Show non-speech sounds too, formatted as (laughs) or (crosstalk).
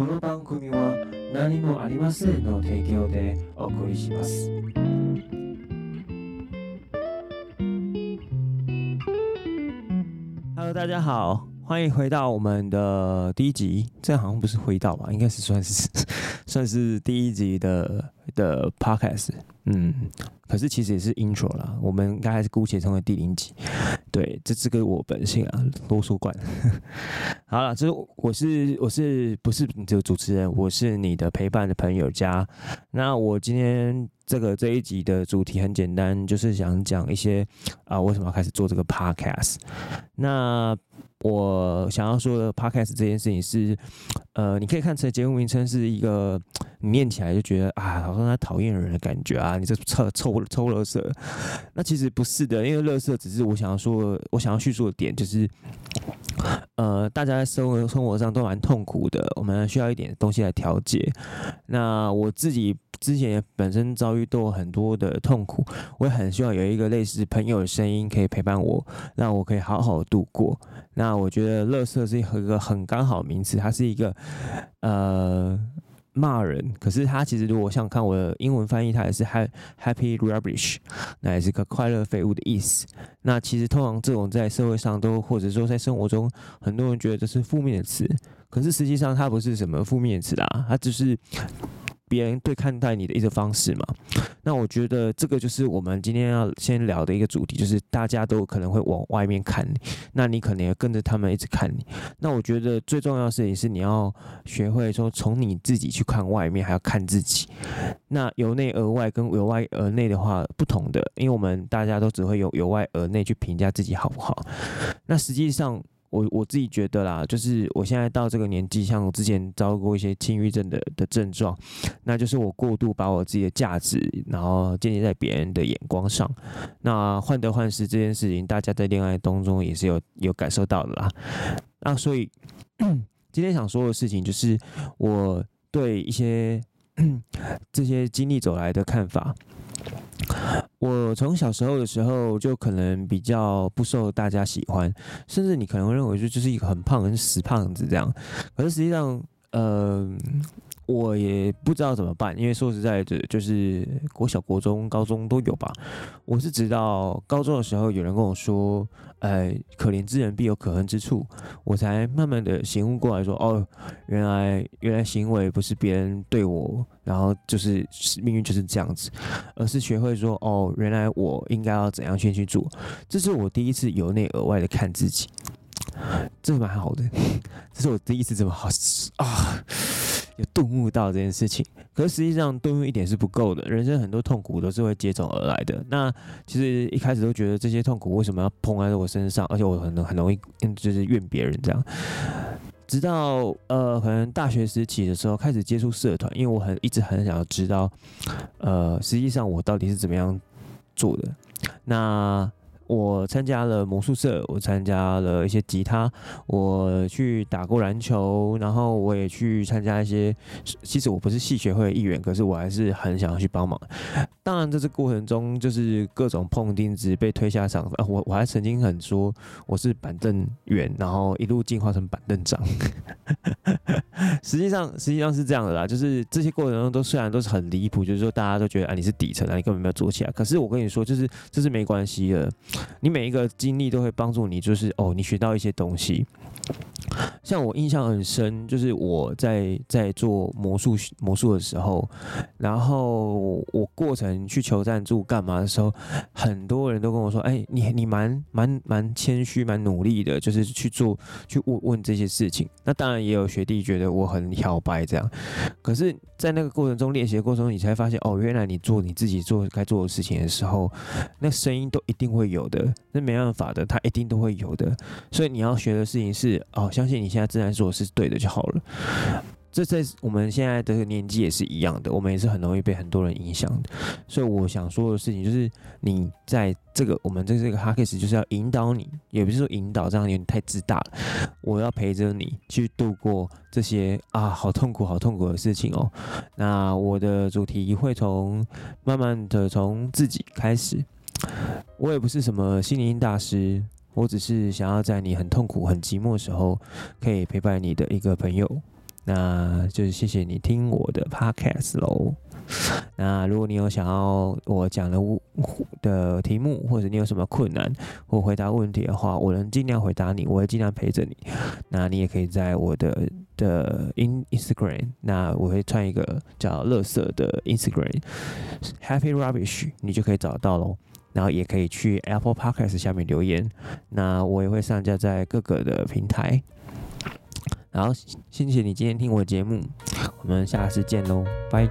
この番組は何もありまの提供で送りします。Hello，大家好，歡迎回到我們的第一集。這樣好像不是回到吧？應該是算是算是第一集的的 podcast，嗯，可是其實也是 intro 啦。我們應該是姑且稱為第零集。對，這是個我本性啊，囉嗦慣了。 (laughs) 好了，這我是我是不是你這個主持人？我是你的陪伴的朋友家。那我今天這個這一集的主題很簡單，就是想講一些啊，為什麼要開始做這個 podcast？那我想要說的 podcast 這件事情是，呃，你可以看成節目名稱是一個。你念起來就覺得啊，好像他討厭人的感覺啊，你這臭臭臭樂色。那其實不是的，因為樂色只是我想要說，我想要敘述的點就是，呃，大家在生活生活上都蠻痛苦的，我們需要一點東西來調節。那我自己之前本身遭遇到很多的痛苦，我也很希望有一個類似朋友的聲音可以陪伴我，讓我可以好好的度過。那我覺得樂色是一個很剛好的名詞，它是一個呃。罵人，可是他其實如果想看我的英文翻譯，他也是 “ha happy rubbish”，那也是個快樂廢物的意思。那其實通常這種在社會上都，或者說在生活中，很多人覺得這是負面的詞，可是實際上它不是什麼負面的詞啊，它只是。別人對看待你的一個方式嘛，那我覺得這個就是我們今天要先聊的一個主題，就是大家都可能會往外面看，那你可能也跟着他們一直看你。那我覺得最重要的事情是，你要學會說從你自己去看外面，還要看自己。那由內而外跟由外而內的話不同的，因為我們大家都只會有由由外而內去評價自己好不好？那實際上。我我自己覺得啦，就是我現在到這個年紀，像我之前遭過一些輕鬱症的的症狀，那就是我過度把我自己的價值，然後建立在別人的眼光上。那患得患失這件事情，大家在戀愛當中也是有有感受到的啦。那所以今天想說的事情，就是我對一些這些經歷走來的看法。我從小時候的時候就可能比較不受大家喜歡，甚至你可能會認為就就是一個很胖很死胖子這樣。可是實際上，嗯、呃。我也不知道怎麼辦，因為說實在的，就是國小、國中、高中都有吧。我是直到高中的時候，有人跟我說：“哎、呃，可憐之人必有可恨之處。”我才慢慢的醒悟過來說：“哦，原來原來行為不是別人對我，然後就是命運就是這樣子，而是學會說：哦，原來我應該要怎樣先去做。”這是我第一次由內而外的看自己，這蠻好的。這是我第一次這麼好啊。頓悟到這件事情，可是實際上頓悟一點是不夠的，人生很多痛苦都是會接踵而來的。那其實一開始都覺得這些痛苦為什麼要碰在我身上，而且我很很容易就是怨別人這樣。直到呃可能大學時期的時候開始接觸社團，因為我很一直很想要知道，呃，實際上我到底是怎麼樣做的。那我參加了魔術社，我參加了一些吉他，我去打過籃球，然後我也去參加一些。其實我不是系學會的一員，可是我還是很想要去幫忙。當然，這次過程中就是各種碰釘子、被推下場。啊。我我還曾經很說我是板凳員，然後一路進化成板凳長。 (laughs) 實際上，實際上是這樣的啦，就是這些過程中都雖然都是很離譜，就是說大家都覺得啊，你是底層啊，你根本沒有做起來。可是我跟你說，就是這是沒關係的。你每一個經歷都會幫助你，就是哦，你學到一些東西。像我印象很深，就是我在在做魔術魔術的時候，然後我過程去求贊助幹嘛的時候，很多人都跟我說：“哎、欸，你你蠻蠻蠻謙虛，蠻努力的，就是去做去問問這些事情。”那當然也有學弟覺得我很小白這樣，可是，在那個過程中練習的過程中，你才發現哦，原來你做你自己做該做的事情的時候，那聲音都一定會有。的那沒辦法的，他一定都會有的。所以你要學的事情是哦，相信你現在自然說的是對的就好了。這在我們現在的年紀也是一樣的，我們也是很容易被很多人影響的。所以我想說的事情就是，你在這個我們在這個哈克斯，就是要引導你，也不是說引導，這樣有點太自大了，我要陪着你去度過這些啊，好痛苦，好痛苦的事情哦。那我的主題會從慢慢的從自己開始。我也不是什麼心靈大師，我只是想要在你很痛苦、很寂寞的時候，可以陪伴你的一個朋友。那就是謝謝你聽我的 Podcast 嘍。 (laughs) 那如果你有想要我講的的題目，或者你有什麼困難或回答問題的話，我能盡量回答你，我會盡量陪着你。那你也可以在我的的 In Instagram，那我會創一個叫“樂色”的 Instagram Happy Rubbish，你就可以找到嘍。然後也可以去 Apple Podcast 下面留言，那我也會上架在各個的平台。然後謝謝你今天聽我的節目，我們下次見嘍，拜。